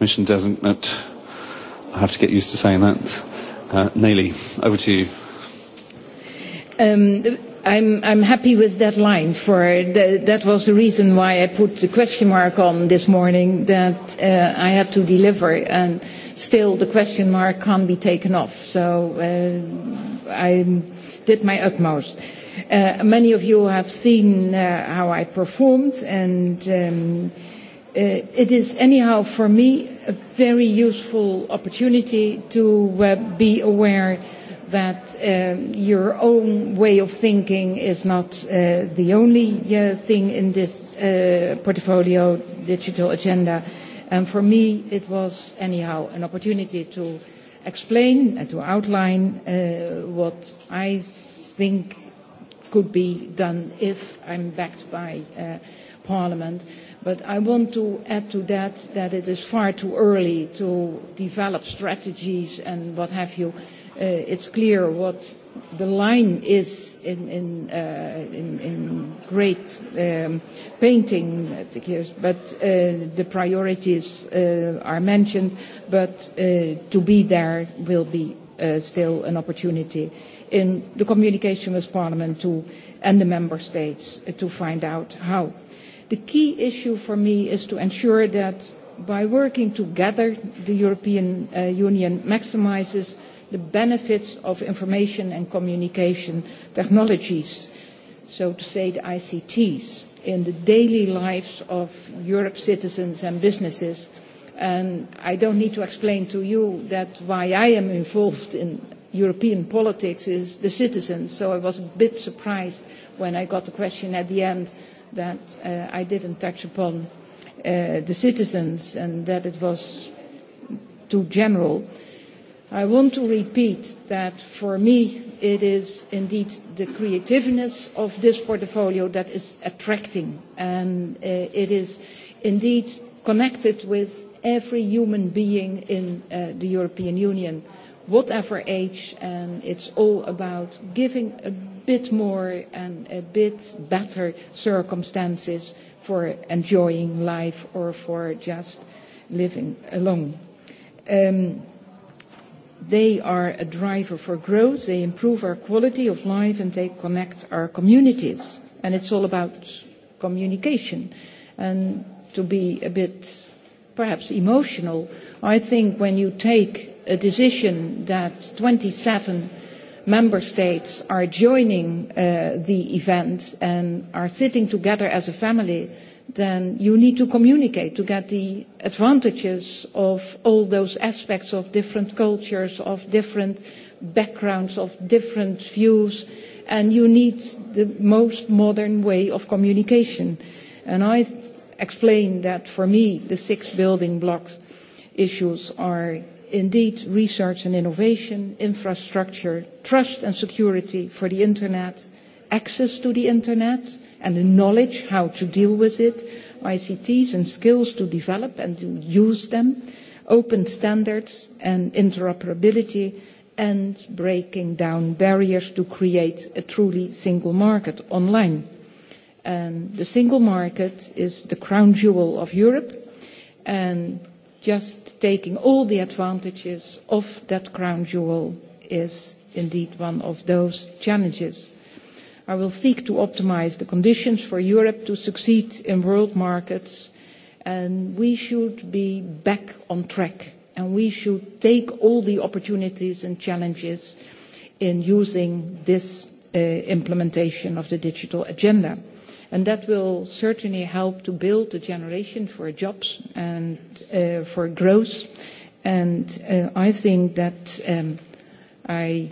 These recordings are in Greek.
Commission designate, I have to get used to saying that, uh, over to you. Um, I'm, I'm happy with that line. For that was the reason why I put the question mark on this morning that I had to deliver, and still the question mark can't be taken off. So uh, I did my utmost. Many of you have seen how I performed, and It is anyhow for me a very useful opportunity to be aware that your own way of thinking is not the only thing in this portfolio digital agenda. And for me it was anyhow an opportunity to explain and to outline what I think could be done if I'm backed by Parliament. But I want to add to that that it is far too early to develop strategies and what have you. It's clear what the line is in great painting, but the priorities are mentioned, but to be there will be still an opportunity in the communication with Parliament and the Member States to find out how. The key issue for me is to ensure that by working together, the European Union maximises the benefits of information and communication technologies, so to say the ICTs, in the daily lives of Europe's citizens and businesses. And I don't need to explain to you that why I am involved in European politics is the citizens. so I was a bit surprised when I got the question at the end that I didn't touch upon the citizens and that it was too general. I want to repeat that for me it is indeed the creativeness of this portfolio that is attracting and it is indeed connected with every human being in the European Union whatever age, and it's all about giving a bit more and a bit better circumstances for enjoying life or for just living alone. They are a driver for growth, they improve our quality of life and they connect our communities. And it's all about communication. And to be a bit perhaps emotional. I think when you take a decision that 27 member states are joining the event and are sitting together as a family, then you need to communicate to get the advantages of all those aspects of different cultures, of different backgrounds, of different views, and you need the most modern way of communication. And I explain that for me the six building blocks issues are indeed research and innovation, infrastructure, trust and security for the Internet, access to the Internet and the knowledge how to deal with it, ICTs and skills to develop and to use them, open standards and interoperability and breaking down barriers to create a truly single market online and the single market is the crown jewel of Europe and just taking all the advantages of that crown jewel is indeed one of those challenges. I will seek to optimize the conditions for Europe to succeed in world markets and we should be back on track and we should take all the opportunities and challenges in using this implementation of the digital agenda and that will certainly help to build a generation for jobs and for growth. And I think that I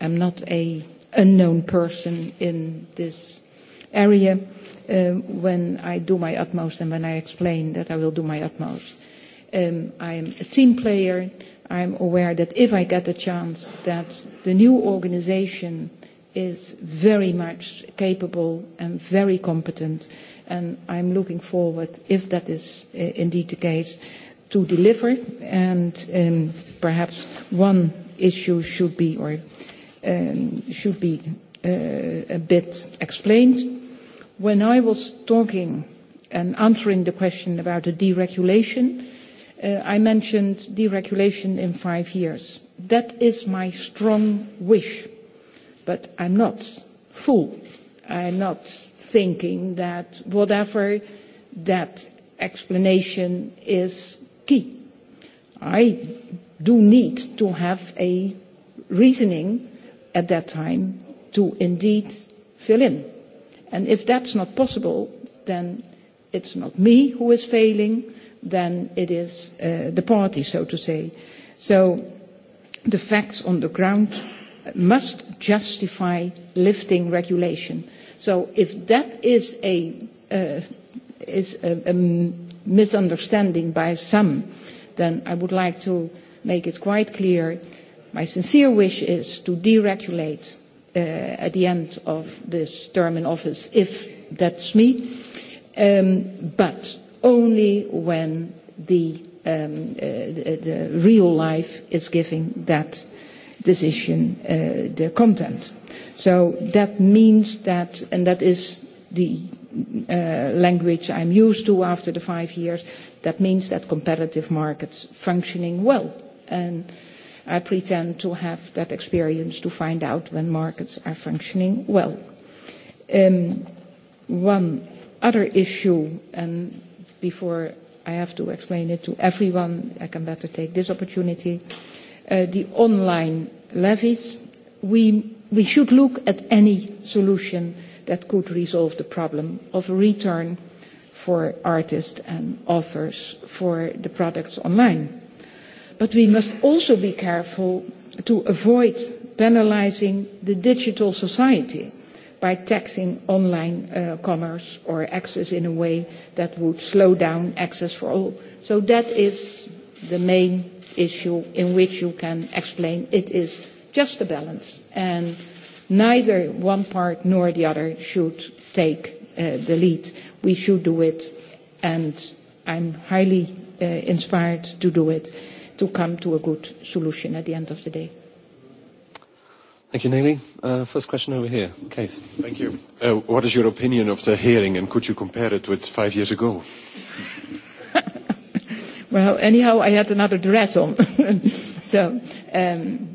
am not a unknown person in this area when I do my utmost and when I explain that I will do my utmost. I am a team player. I am aware that if I get a chance that the new organization is very much capable and very competent and I'm looking forward, if that is indeed the case, to deliver and perhaps one issue should be or should be a bit explained. When I was talking and answering the question about the deregulation, I mentioned deregulation in five years. That is my strong wish But I'm not fool. I'm not thinking that whatever that explanation is key. I do need to have a reasoning at that time to indeed fill in. And if that's not possible, then it's not me who is failing, then it is the party, so to say. So the facts on the ground must justify lifting regulation. So if that is a misunderstanding by some, then I would like to make it quite clear my sincere wish is to deregulate at the end of this term in office, if that's me, but only when the real life is giving that decision their content. So that means that, and that is the language I'm used to after the five years, that means that competitive markets functioning well. And I pretend to have that experience to find out when markets are functioning well. One other issue, and before I have to explain it to everyone, I can better take this opportunity the online levies, we should look at any solution that could resolve the problem of return for artists and authors for the products online. But we must also be careful to avoid penalising the digital society by taxing online commerce or access in a way that would slow down access for all. So that is the main issue in which you can explain it is just a balance and neither one part nor the other should take the lead. We should do it and I'm highly inspired to do it to come to a good solution at the end of the day. Thank you, Nelly. First question over here. Case. Thank you. What is your opinion of the hearing and could you compare it with five years ago? Well, anyhow, I had another dress on. So,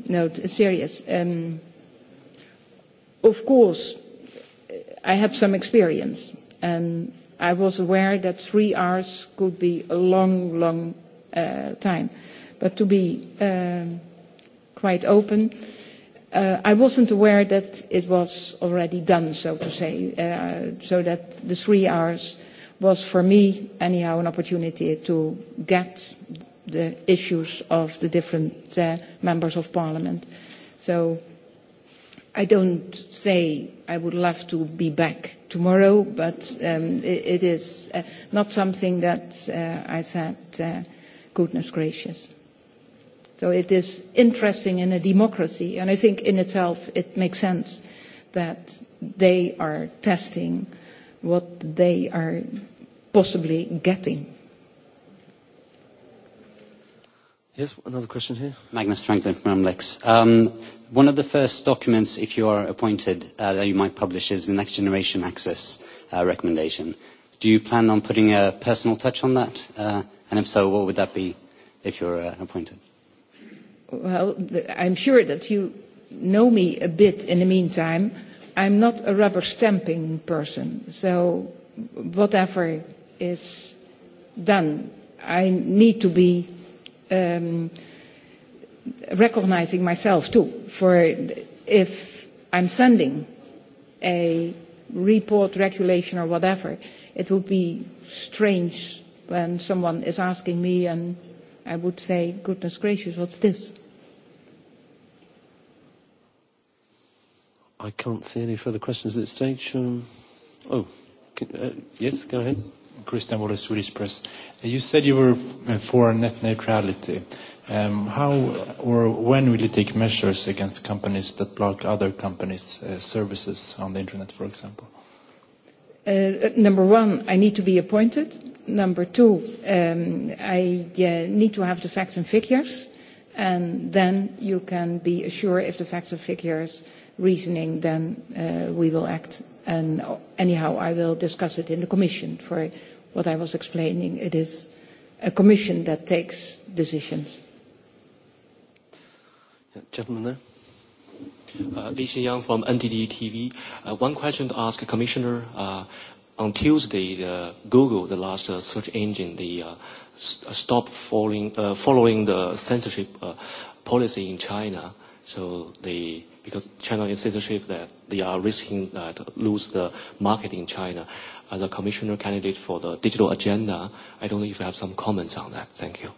no, serious. Of course, I have some experience, and I was aware that three hours could be a long, long time. But to be quite open, I wasn't aware that it was already done, so to say, so that the three hours was for me anyhow an opportunity to get the issues of the different members of parliament. So I don't say I would love to be back tomorrow, but it is not something that I said, goodness gracious. So it is interesting in a democracy, and I think in itself it makes sense that they are testing what they are possibly getting. Yes, another question here. Magnus Franklin from Amlex. Um, one of the first documents, if you are appointed, that you might publish is the Next Generation Access recommendation. Do you plan on putting a personal touch on that? and if so, what would that be if you're appointed? Well, I'm sure that you know me a bit in the meantime I'm not a rubber stamping person, so whatever is done, I need to be recognizing myself too. For if I'm sending a report, regulation or whatever, it would be strange when someone is asking me and I would say, goodness gracious, what's this? I can't see any further questions at this stage. Oh, yes, go ahead. Christian Waller, Swedish Press. You said you were for net neutrality. How or when will you take measures against companies that block other companies' services on the internet, for example? Number one, I need to be appointed. Number two, I need to have the facts and figures, and then you can be assured if the facts and figures reasoning, then we will act. And anyhow, I will discuss it in the Commission. For what I was explaining, it is a Commission that takes decisions. Gentleman there. Li Xinyang from NDD TV. One question to ask Commissioner. On Tuesday, Google, the last search engine, they stopped following the censorship policy in China. So because China is censorship, that they are risking that lose the market in China. As a commissioner candidate for the digital agenda, I don't know if you have some comments on that. Thank you.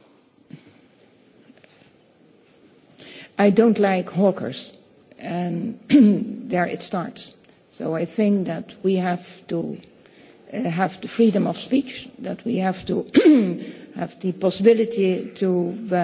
I don't like hawkers, and there it starts. So I think that we have to have the freedom of speech, that we have to have the possibility to